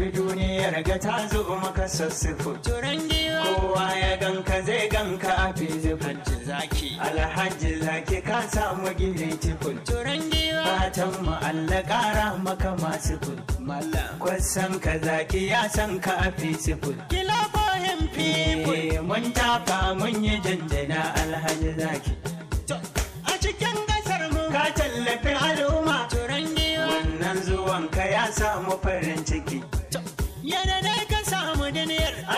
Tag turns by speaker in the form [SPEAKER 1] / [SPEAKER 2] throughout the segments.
[SPEAKER 1] tafi duniyar ga ta zo maka kowa ya ganka zai ganka a zaki alhaji zaki ka samu gini tifin fatan mu Allah ƙara maka masu kul kwasan ka zaki ya san ka a fizifin eh, mun tafa mun yi janjana alhaji zaki a cikin gasar mu ka tallafi al'umma wannan ka ya samu farin ciki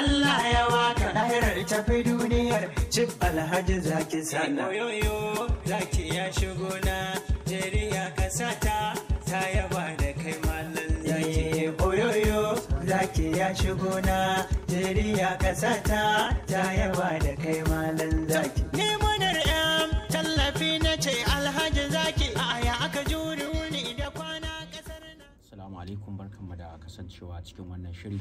[SPEAKER 1] Allah ya waka lahirar tafi duniyar cif alhaji zaki sana. Oyoyo zaki ya shigo na jeriya kasata ta yaba da kai mallan zaki. Eh, Oyoyo zaki ya shigo na jeriya kasata ta yaba da kai mallan zaki. Ne munar tallafi na ce alhaji zaki a ya aka juri wuni da kwana kasar
[SPEAKER 2] na. Assalamu alaikum barkanmu da kasancewa cikin wannan shiri.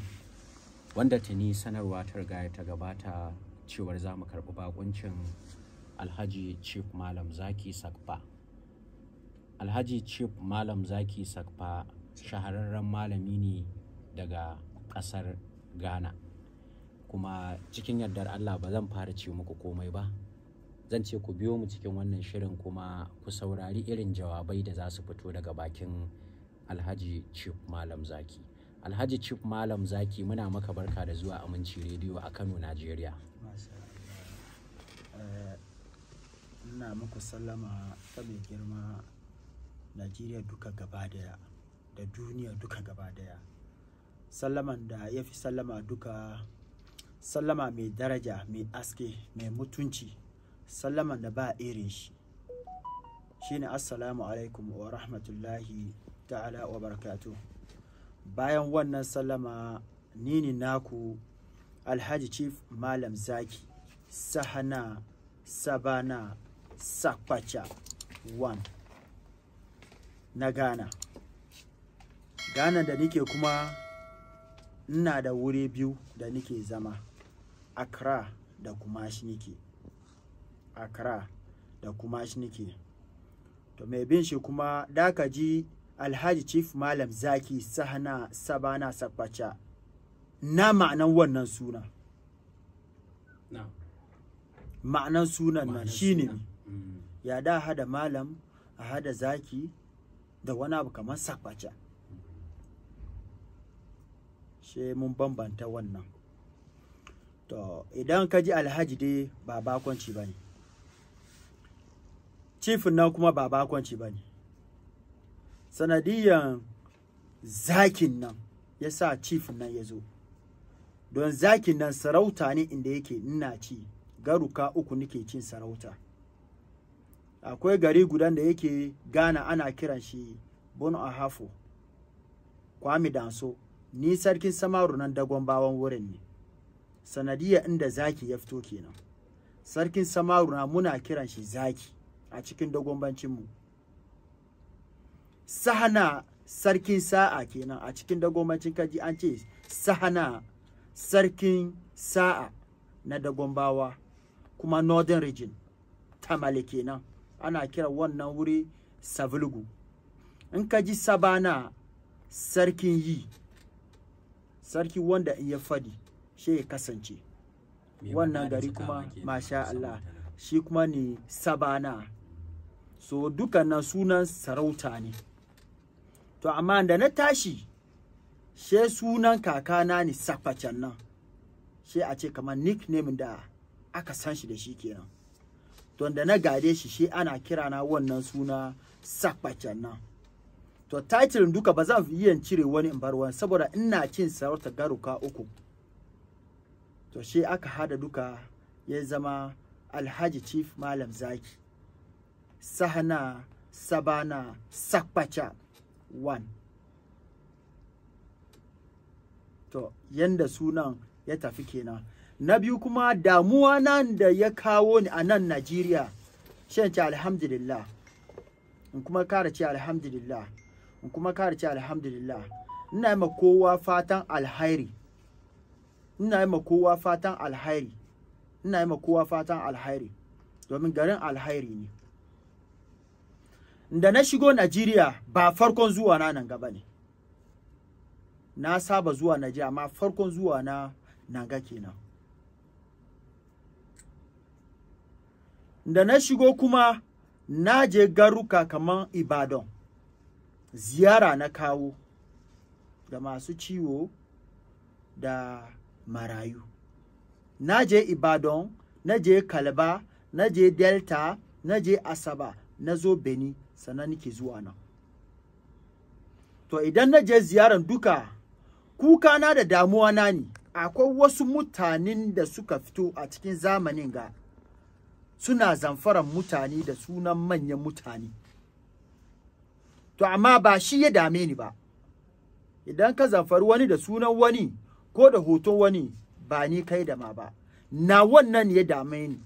[SPEAKER 2] wanda tuni sanarwa ta riga ta gabata cewar za mu karɓi bakuncin alhaji chief malam zaki sakfa alhaji chief malam zaki sakfa shahararren malami ne daga ƙasar ghana kuma cikin yardar allah ba zan fara ce muku komai ba zan ce ku biyo mu cikin wannan shirin kuma ku saurari irin jawabai da za su fito daga bakin alhaji chief malam zaki alhaji chief malam zaki muna maka barka da zuwa aminci rediyo a kano nigeria.
[SPEAKER 3] Eh, ina muku sallama ta mai girma najeriya duka gaba daya da duniya duka gaba daya sallaman da ya fi sallama duka sallama mai daraja mai aske mai mutunci sallaman da ba irin shi shine assalamu alaikum wa rahmatullahi ta'ala wa barakatuh bayan wannan salama, ni naku alhaji chief malam zaki sahana sabana sakwacha one na ghana ghana da nike kuma ina da wuri biyu da nike zama akra da kuma shi nike accra da kuma shi to mai bin shi kuma dakaji. ji alhaji chief malam zaki sahana sabana safaca na ma'anan wannan suna ma'anan sunan nan shi ne ya da hada malam a hada zaki da wani abu kamar safaca she mun bambanta wannan to idan ka ji alhaji dai ba bakonci ba ne cifin nan kuma ba bakonci ba ne sanadiyan zakin nan yasa sa chief nan ya zo don zakin nan sarauta ne inda yake ina ci garuka uku nake cin sarauta akwai gari gudan da yake gana ana kiran shi bono a hafo kwami danso ni sarkin samaru nan dagon bawan wurin ne sanadiya inda zaki ya fito kenan sarkin samaru na muna kiran shi zaki a cikin dagon bancin mu sahana sarkin sa'a kenan a cikin dagomacin kaji an ce sahana sarkin sa'a na dagombawa kuma northern region tamale kenan ana kira wannan wuri savulgu in ka sabana sarkin yi sarki wanda in ya fadi shi ya kasance wannan gari kuma masha Allah shi kuma ne sabana so duka sunan sarauta ne to amma da na tashi she sunan kakana ne sakfacen nan she a ce kamar nickname da aka san shi da shi kenan to da na gade shi she ana kira na wannan suna sakfacen nan to title duka ba zan iya cire wani in bar wani saboda ina cin sarauta garuka uku to she aka hada duka ya zama alhaji chief malam zaki sahana sabana sakpacha 1 to yanda sunan ya tafi kenan na biyu kuma damuwa nan da ya kawo ni a nan Najeriya shan ce alhamdulillah in kuma kara ce alhamdulillah in kuma kara ce alhamdulillah ina yi kowa fatan alhairi ina yi ma kowa fatan alhairi ina yi kowa fatan alhairi domin garin alhairi ne da na shigo Najeriya ba farkon zuwa na nan gaba ne. Na saba zuwa Najeriya amma farkon zuwa na nan ga kenan. Da na shigo kuma na je garuka kaman Ibadan. Ziyara na kawo da masu ciwo da marayu. Na je Ibadan, na je Kalba, na je Delta, na je Asaba, na zo Benin. sannan nike zuwa nan to idan na je ziyaran duka kuka na da damuwa na ne akwai wasu mutanen da suka fito a cikin zamanin ga suna zamfaran mutane da sunan manyan mutane to amma ba shi ya dame ni ba idan ka zamfari wani da sunan wani ko da hoton wani ba ni kai da ma ba na wannan ya dame ni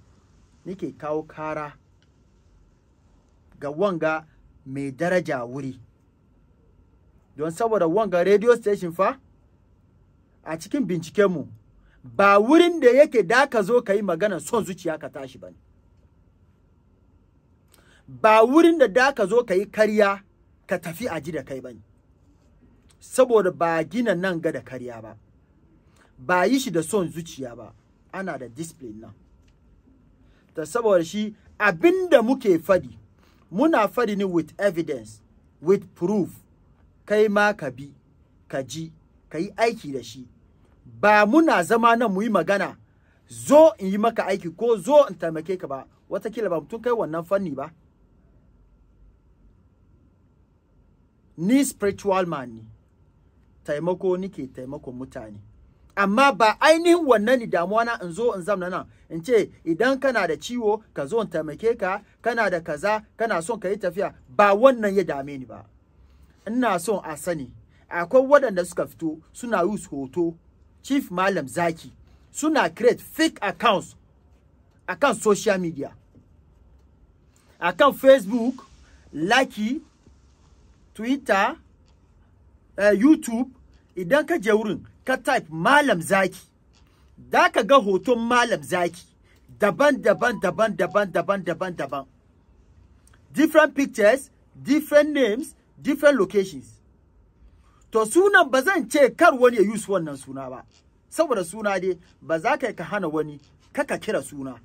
[SPEAKER 3] nike kawo kara ga wanga mai daraja wuri don saboda wanga radio station fa a cikin bincikenmu ba wurin da yake da ka zo ka yi magana son zuciya ka tashi ba ba wurin da da ka zo ka yi kariya ka tafi a ji da kai ba ne saboda ba gina nan ga da kariya ba ba yi shi da son zuciya ba ana da discipline nan ta saboda shi abinda muke fadi muna fari ne with evidence with proof kai ma ka bi ka ji ka yi aiki da shi ba muna zama nan mu yi magana zo in yi maka aiki ko zo in taimake ka ba watakila ba mutum kai wannan fanni ba ni spiritual man ne taimako nike taimakon mutane amma ba ainihin wannan ni damuwa na in zo in zamna nan in ce idan kana da ciwo ka zo in taimake ka kana da kaza kana son ka yi tafiya ba wannan ya dame ni ba ina son a sani akwai waɗanda suka fito suna use hoto chief malam zaki suna create fake accounts akan social media akan facebook laki twitter uh, youtube idan ka je wurin ka type malam zaki da ka ga hoton malam zaki daban daban daban daban daban daban daban different pictures different names different locations to sunan ba zan ce kar wani ya use wannan suna ba saboda suna dai ba za ka ka hana wani kaka kira suna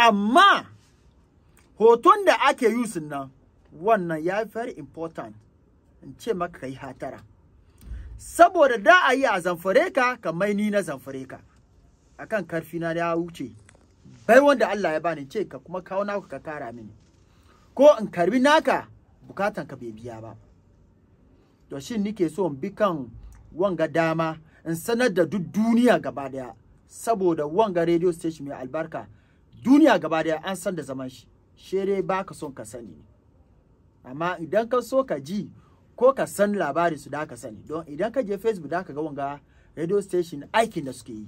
[SPEAKER 3] amma hoton da ake use nan wannan ya very important in ce maka kai hatara saboda da a yi a zamfare ka kamar ni na zamfare ka akan karfi na ya wuce bai wanda Allah ya bani ce ka kuma kawo naka ka kara mini ko in karbi naka bukatan ka bai biya ba to shin nike so in bi kan wanga dama in sanar da duk duniya gaba daya saboda wanga radio station mai albarka duniya gaba daya an san da zaman shi shere ba ka son ka sani amma idan ka so ka ji ko ka san labarin su da ka sani don idan ka je facebook da ka ga wanga radio station aikin da suke yi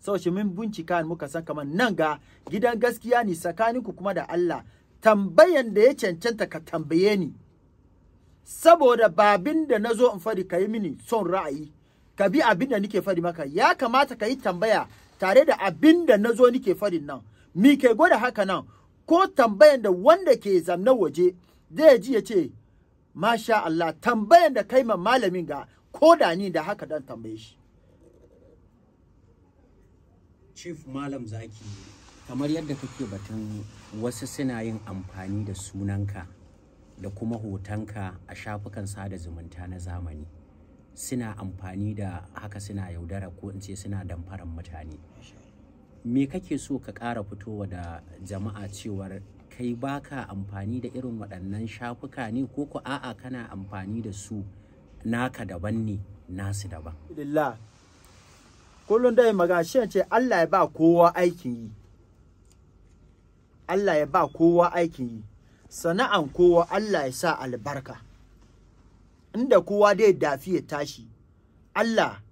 [SPEAKER 3] sau shi mun bincika muka san kamar nan ga gidan gaskiya ne ku kuma da Allah tambayan da ya cancanta ka tambaye ni saboda babin da nazo in fadi ka yi mini son ra'ayi ka bi abin da nike fadi maka ya kamata ka yi tambaya tare da abin da na nike fadin nan mi ke gwada haka nan ko tambayan da wanda ke zamna waje zai ji ya ce masha Allah tambayan da kai ma malamin ga ko da ni da haka dan tambaye shi
[SPEAKER 2] chief malam zaki kamar yadda kake batun wasu suna yin amfani da sunanka da kuma hotonka a shafukan sada zumunta na zamani suna amfani da haka suna yaudara ko in ce suna damfaran mutane me kake so ka ƙara fitowa da jama'a cewar kai baka amfani da irin waɗannan shafuka ne ko ku a'a kana amfani da su naka daban ne nasu
[SPEAKER 3] daban alhamdulillah kullum dai magana shi ce Allah ya ba kowa aikin yi Allah ya ba kowa aikin yi sana'an kowa Allah ya sa albarka inda kowa dai dafi ya tashi Allah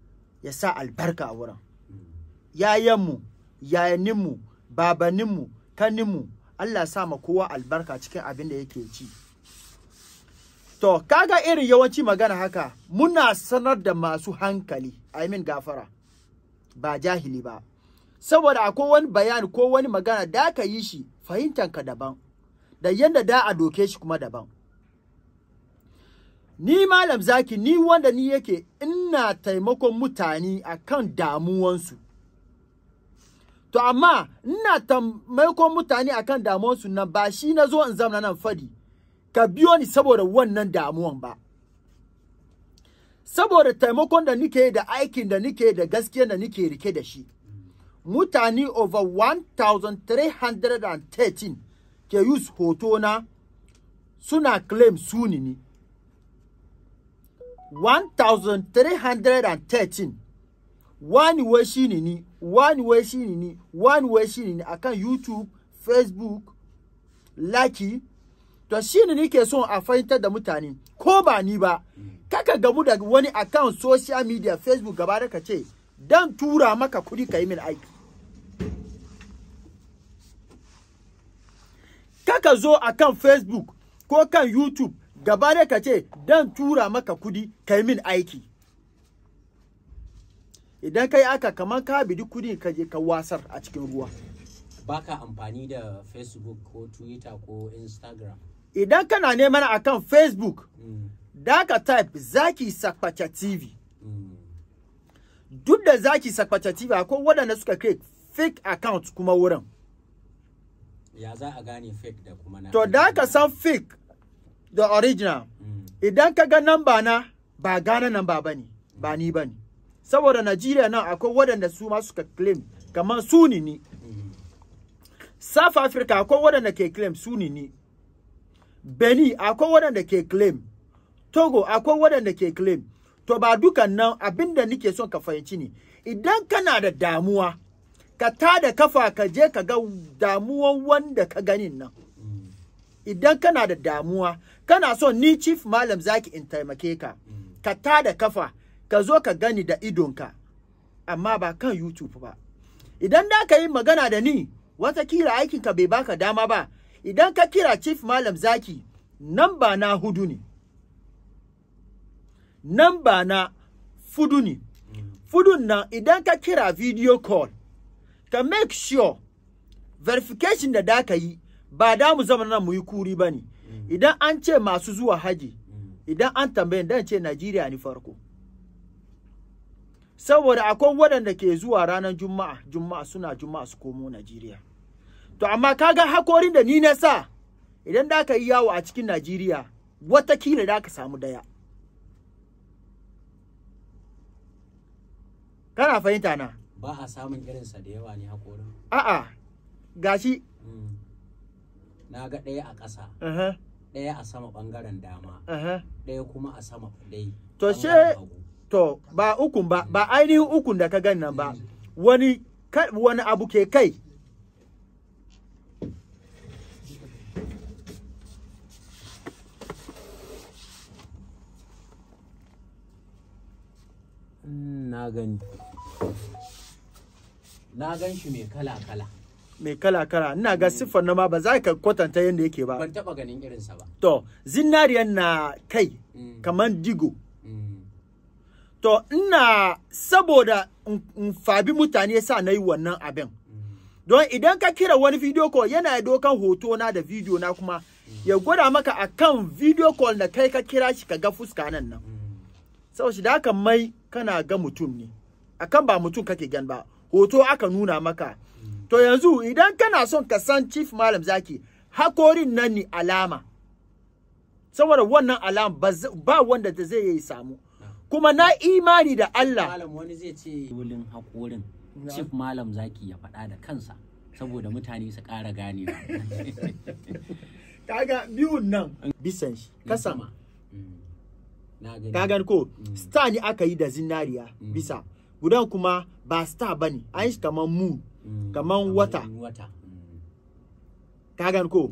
[SPEAKER 3] ya sa albarka a wurin hmm. yayanmu yayaninmu babaninmu kaninmu Allah sa ma kowa albarka cikin abin da yake ci to kaga irin yawanci magana haka muna sanar da masu hankali I mean gafara ba jahili ba saboda akwai wani bayani ko wani magana da ka yi shi fahimtanka daban da yadda da a doke shi kuma daban ni malam zaki ni wanda ni yake ina taimakon mutane akan damuwansu To amma ina tambaikon mutane akan damuwarsu nan ba shi na zo in zamana nan fadi. Ka biyo ni saboda wannan damuwan ba. Saboda taimakon da nike da aikin da nike da gaskiya da nike rike da shi. Mutane over 1,313 ke use hotona suna claim suni ni. 1,313 wani wai shi ni wani wai shi ne wani wai shi ni akan youtube facebook laki to shi ni ke son a fahimtar da mutane ko ba ni ba kaka gamu da wani account social media facebook gaba da ka ce dan tura maka kudi ka yi min aiki kaka zo akan facebook ko kan youtube gaba da ka ce dan tura maka kudi ka yi min aiki idan kai aka kamar ka bidi kudi ka je ka wasar a cikin ruwa
[SPEAKER 2] baka amfani da facebook ko twitter ko instagram
[SPEAKER 3] idan kana neman akan facebook hmm. da ka type zaki sakpacha tv hmm. duk da zaki sakpacha tv akwai waɗanda suka create fake account kuma wurin
[SPEAKER 2] ya za a gane fake da kuma
[SPEAKER 3] na to da ka san fake da original hmm. idan ka ga namba na ba gane namba ba ba ni bane saboda Najeriya nan akwai waɗanda su ma suka claim kamar su ni ni South Africa akwai waɗanda ke claim su ni ni Benin akwai waɗanda ke claim Togo akwai waɗanda ke claim to ba dukan nan abinda nike son ka fahimci ne idan kana da damuwa ka ta da kafa ka je ka ga damuwan wanda ka ganin nan idan kana da damuwa kana son ni chief malam zaki in taimake ka ka ta da kafa ka zo ka gani da idonka amma ba kan YouTube ba idan da ka yi magana da ni wata aikin aikinka bai baka dama ba idan ka kira chief malam zaki nan ba na hudu ne nan ba na fudu ne fudun nan idan ka kira video call ka make sure verification da da ka yi ba da mu zama nan mu yi kuri ba idan an ce masu zuwa haji mm. idan an tambayin dan ce najeriya ni farko saboda akwai waɗanda ke zuwa ranar juma'a juma'a suna juma'a su komo najeriya to amma kaga hakorin da ni na sa idan da ka yi yawo a cikin najeriya watakila da ka samu daya kana fahimta na
[SPEAKER 2] ba a samun irinsa da yawa ne hakorin
[SPEAKER 3] a'a gashi
[SPEAKER 2] mm. na ga ɗaya a ƙasa ɗaya a sama ɓangaren dama ɗaya kuma a sama ɗaya
[SPEAKER 3] to she to ba ukun ba ba ainihin ukun da ka gan nan ba wani wani abu ke kai na gani
[SPEAKER 2] na gan shi mai kala-kala
[SPEAKER 3] mai kala-kala ina ga siffar na ma ba za ka kwatanta yadda yake ba ban taba
[SPEAKER 2] ganin irinsa ba
[SPEAKER 3] to zinariyan na kai mm. kamar digo to ina saboda fabi mutane sa na yi wannan abin don idan ka kira wani video call yana dokan hoto na da video na kuma ya gwada maka akan video call da kai ka kira shi ka ga fuska nan nan sau shi da haka mai kana ga mutum ne akan ba mutum kake gan ba hoto aka nuna maka to yanzu idan kana son ka san chief malam zaki hakorin nan ni alama saboda wannan alama ba wanda zai yi samu kuma na imani da Allah
[SPEAKER 2] malam wani zai ce wulin haƙorin chief malam zaki ya faɗa da kansa
[SPEAKER 3] saboda mutane su ƙara gane kaga biyun nan bisan shi kasama
[SPEAKER 2] mm. kagan
[SPEAKER 3] mm. ko mm. star ne aka yi da zinariya bisa gudan kuma ba star bane an shi kaman moon kaman wata kagan ko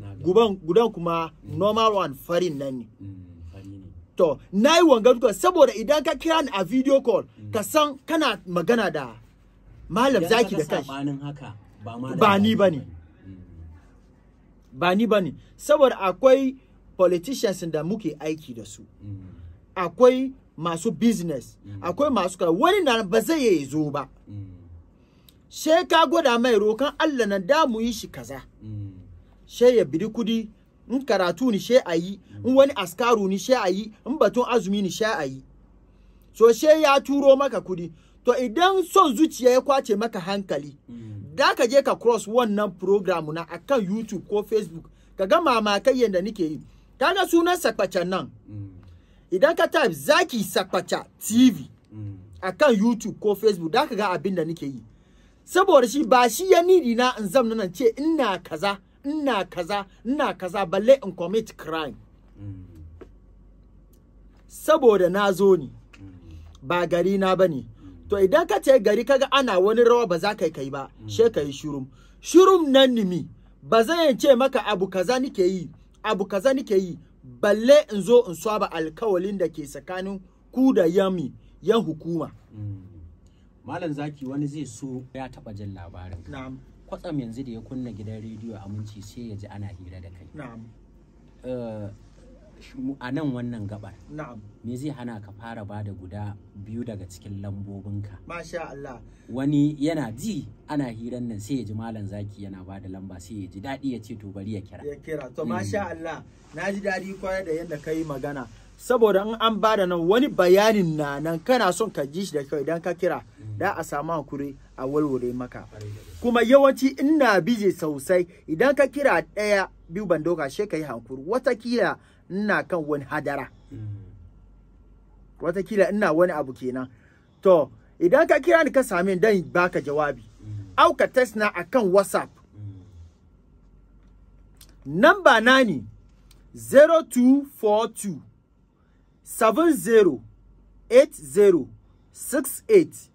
[SPEAKER 3] gudan kuma normal one farin nan ne to na yi wanga duka saboda idan ka kira ni a video call mm. ka san kana magana da malam zaki da kai
[SPEAKER 2] mm. ba
[SPEAKER 3] ni ba ba ni ba ni saboda akwai politicians da muke aiki da su mm. akwai masu business akwai masu kara wani na ba zai yi zo ba sai ka gwada mai rokan Allah na da mu yi shi kaza sai ya biri kudi in karatu ni she ayi in wani askaru ni she ayi in batun azumi ni she ayi so she ya turo maka kudi to idan son zuciya ya kwace maka hankali da mm. ka je ka cross wannan program na akan YouTube ko Facebook ka ga mamakai yadda nike yi kaga sunan sakpacha nan mm. idan ka type zaki sakpacha TV mm. akan YouTube ko Facebook da ka ga abin da nike yi saboda shi ba shi ya nidi na in zamna nan ce ina kaza ina kaza ina kaza balle in commit crime saboda na zo ni ba gari na ba ne to idan ka ce gari kaga ana wani rawa ba za ka yi kai ba she ka yi shurum shurum nan nimi ba zan ce maka abu kaza nike yi abu kaza nike yi balle in zo in swaba alkawalin da ke tsakanin ku da yami yan hukuma malam zaki wani zai so ya taba jin labarin kwatsam yanzu
[SPEAKER 2] da ya kunna gidan rediyo aminci sai ya ji ana hira da kai eh, a nan wannan gabar me zai hana ka fara bada da guda biyu daga cikin lambobinka
[SPEAKER 3] masha Allah
[SPEAKER 2] wani yana ji ana hiran nan sai ya ji malam zaki
[SPEAKER 3] yana ba da lamba sai ya ji daɗi ya ce to bari ya kira to masha hmm. Allah na ji daɗi kwaya da yadda ka yi magana saboda in an ba da nan wani bayanin na nan kana son ka ji shi da kyau idan ka kira hmm. da a samu hakuri a walware maka kuma yawanci ina bije sosai idan ka kira ɗaya biyu ban doka she ka yi hankuri watakila ina kan wani hadara mm. watakila ina wani abu kenan to idan ka kira ni ka same dan baka jawabi mm. au ka test na akan whatsapp mm. namba na ne 0242 70 68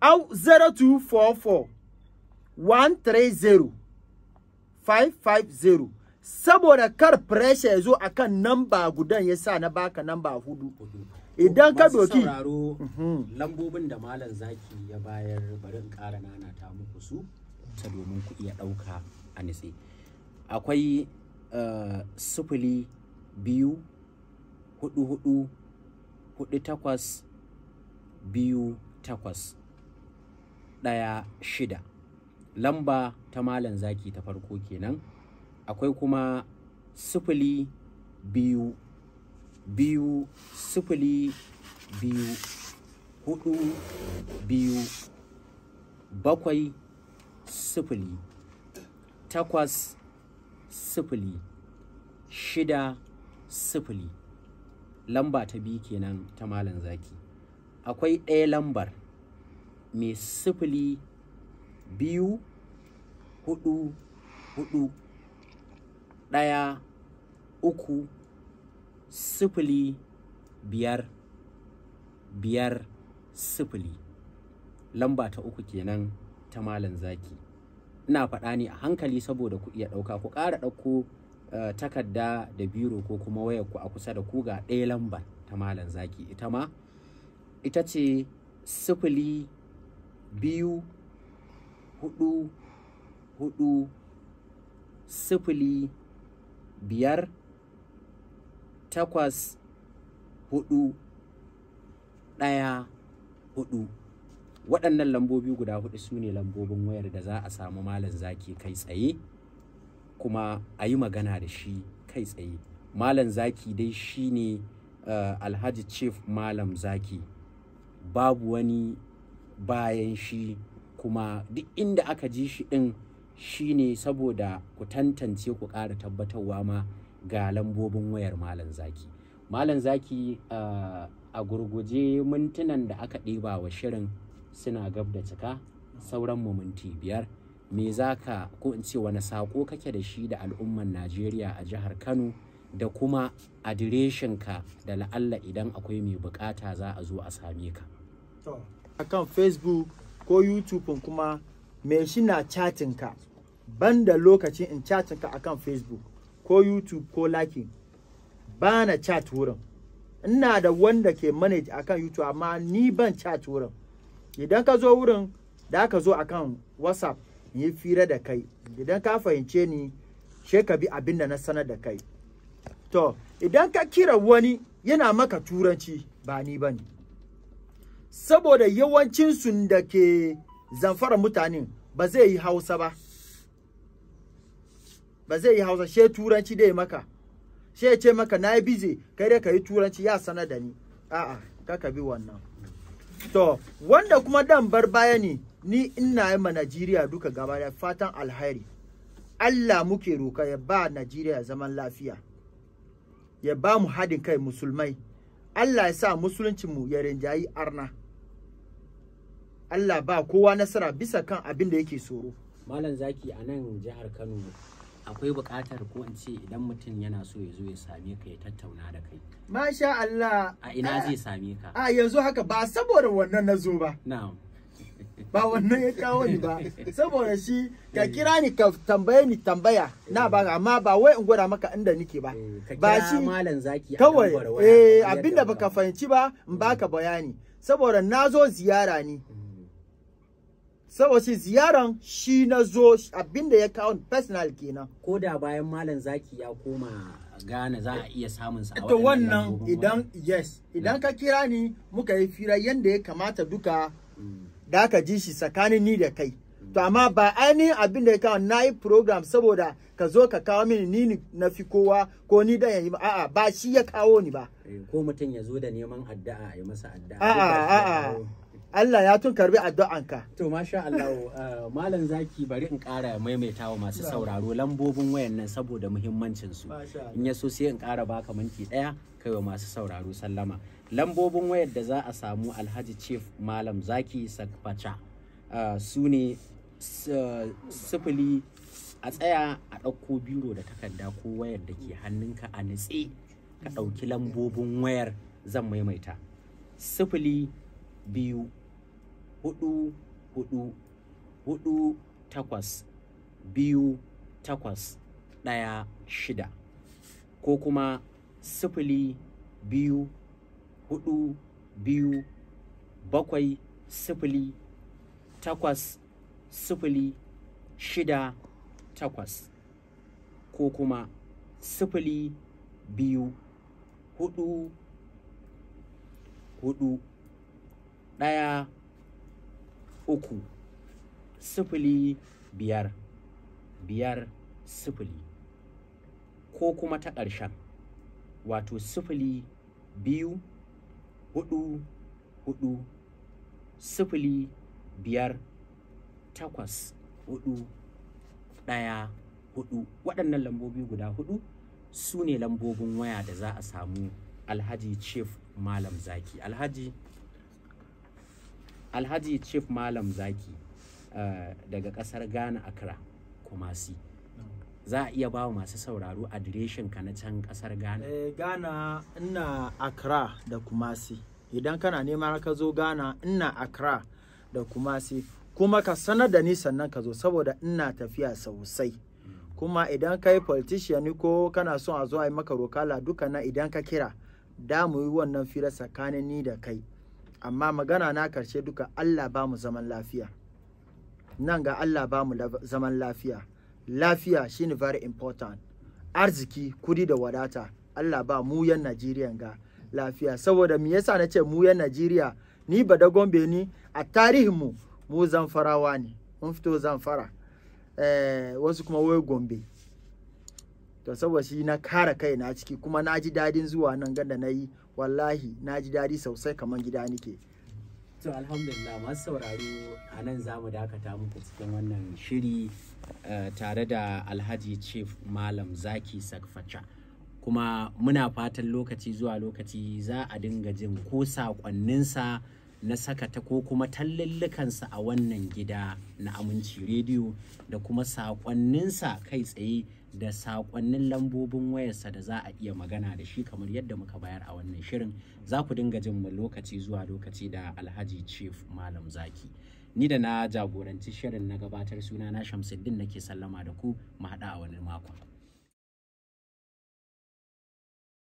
[SPEAKER 3] au 0244 130 550 saboda kar pressure ya zo a kan namba gudan ya sa na baka namba hudu idan ka doki
[SPEAKER 2] sauraro mhm. lambobin da malam zaki ya bayar barin ƙara nana ta muku su ta domin ku iya ɗauka a nitse akwai eh, sufuli biyu hudu hudu hudu takwas biyu takwas ɗaya shida lamba ta malan zaki ta farko kenan akwai kuma sifili biyu biyu sifili biyu hudu biyu bakwai sifili takwas sifili shida sifili lamba ta biyu kenan ta malan zaki akwai ɗaya lambar mai sifili biyu hudu hudu ɗaya uku sifili biyar biyar sifili lamba ta uku kenan ta malam zaki ina faɗa ne a hankali saboda ku iya ɗauka ku ƙara ɗauko eh, takarda da biro ko kuma wayar ku a kusa da ku ga ɗaya lamba ta malam zaki ita ma ita ce sifili biyu hudu hudu sifili biyar takwas hudu ɗaya hudu waɗannan lambobi guda hudu su ne lambobin wayar da za a samu malam zaki kai tsaye kuma a yi magana da shi kai tsaye malam zaki dai shi ne uh, alhaji chief malam zaki babu wani bayan shi kuma duk inda aka ji shi ɗin shi ne saboda ku tantance ku ƙara tabbatarwa ma ga lambobin wayar malam zaki malam zaki uh, a gurguje mintunan da aka ɗiba wa shirin suna gab da cika sauran mu minti biyar me za ka ko in ce wani saƙo kake da shi da al'umman najeriya a jihar kano da kuma adireshinka da la'alla idan akwai mai bukata za a zo a same ka.
[SPEAKER 3] akan facebook ko youtube kuma me shi na chatting ka banda lokacin in chatting ka akan facebook ko youtube ko lakin ba na chat wurin ina da wanda ke manage akan youtube amma ni ban chat wurin idan ka zo wurin da ka zo akan whatsapp yi fira da kai idan ka fahimce ni she ka bi abin da na sanar da kai to idan ka kira wani yana maka turanci ba ni bane saboda yawancinsu da ke zamfara mutanen ba zai yi hausa ba ba zai yi hausa shi turanci dai maka ya ce maka na yi bize kai dai ka yi turanci ya sana da ni a'a kaka bi wannan to wanda kuma dan bar baya ne ni ina yi ma najeriya duka gaba da fatan alhairi allah muke roka ya ba najeriya zaman lafiya ya ba mu haɗin kai musulmai allah ya sa mu ya rinjayi arna Allah ba kowa nasara bisa kan abin da yake tsoro malam zaki a nan jihar Kano
[SPEAKER 2] akwai buƙatar ko in ce idan mutum yana so ya zo ya same ka ya tattauna da kai.
[SPEAKER 3] Masha Allah. A ina ah, zai
[SPEAKER 2] same ka. A ah,
[SPEAKER 3] yanzu haka ba saboda wannan na zo ba. Na'am. Ba wannan ya kawo ni ba. Saboda shi ka kira ni ka tambaye ni tambaya na ba amma ba wai in gwada maka inda nike ba. Eh, ba shi malam zaki kawai eh abinda baka fahimci ba in baka mm. bayani. Saboda na zo ziyara ne. saboda shi ziyaran shi na zo abinda ya kawo personal kenan ko da bayan malam zaki ya koma
[SPEAKER 2] Gane, za a iya samun sa to wannan
[SPEAKER 3] idan yes idan ka kira ni muka yi fira yanda ya kamata duka mm. da ka ji shi tsakanin ni da kai to amma ba ainihin abin da ya kawo na yi program saboda ka zo ka kawo mini ni na fi kowa ko ni da yayi a'a ba shi ya kawo ni ba eh,
[SPEAKER 2] ko mutum ya zo da neman addu'a ya masa addu'a a'a a'a
[SPEAKER 3] Allah ya tun karbi addu'anka. To masha Allah
[SPEAKER 2] eh, malam zaki bari in ƙara maimaita wa masu sauraro lambobin wayan nan saboda muhimmancin su. In ya so sai in ƙara baka minti ɗaya kai wa masu sauraro sallama. Lambobin wayar da za a samu Alhaji Chief Malam Zaki Sakfacha eh, su ne eh, sifili a tsaya a ɗauko biro da takarda ko wayar da ke hannunka a nitse ka ɗauki lambobin wayar zan maimaita. Sifili biyu hudu hudu hudu takwas biyu takwas ɗaya shida ko kuma sifili biyu hudu biyu bakwai sifili takwas sifili shida takwas ko kuma sifili biyu hudu hudu ɗaya uku sifili biyar biyar sifili ko kuma ta ƙarshen wato sifili biyu hudu hudu sifili biyar takwas hudu ɗaya hudu waɗannan lambobi guda hudu su ne lambobin waya da za a samu alhaji chief malam zaki alhaji alhaji chief malam zaki uh, daga kasar ghana accra kumasi
[SPEAKER 3] za a iya ba masu sauraro adireshin ka na can kasar ghana eh, ghana ina accra da kumasi idan kana nema ka zo ghana ina accra da kumasi kuma ka sanar da ni sannan ka zo saboda ina tafiya sosai kuma idan ka yi politician ko kana son a zo a yi maka rokala duka na idan ka kira da mu yi wannan fira tsakanin ni da kai amma magana na karshe duka Allah ba mu zaman lafiya nan ga Allah ba mu zaman lafiya lafiya shine very important arziki kudi da wadata Allah ba mu yan Najeriya ga lafiya saboda me yasa na ce mu yan Najeriya ni ba da gombe ni a tarihin mu mu zamfarawa ne mun fito zamfara eh, wasu kuma wai gombe to saboda shi na kare kai na ciki kuma na ji dadin zuwa nan ganda na yi wallahi na ji dadi sosai kamar gida nike to alhamdulillah masu sauraro a nan za mu dakata muku cikin
[SPEAKER 2] wannan shiri eh, tare da alhaji chief malam zaki sakfacha kuma muna fatan lokaci zuwa lokaci za a dinga jin ko sakonninsa na sakata ko kuma tallallukansa a wannan gida na aminci rediyo da kuma saƙonninsa kai tsaye da sakonnin lambobin wayarsa da za a iya magana da shi kamar yadda muka bayar a wannan shirin za ku dinga jin mu lokaci zuwa lokaci da alhaji chief malam zaki ni da na jagoranci shirin na gabatar suna na shamsuddin nake sallama da ku mu haɗa a wani makon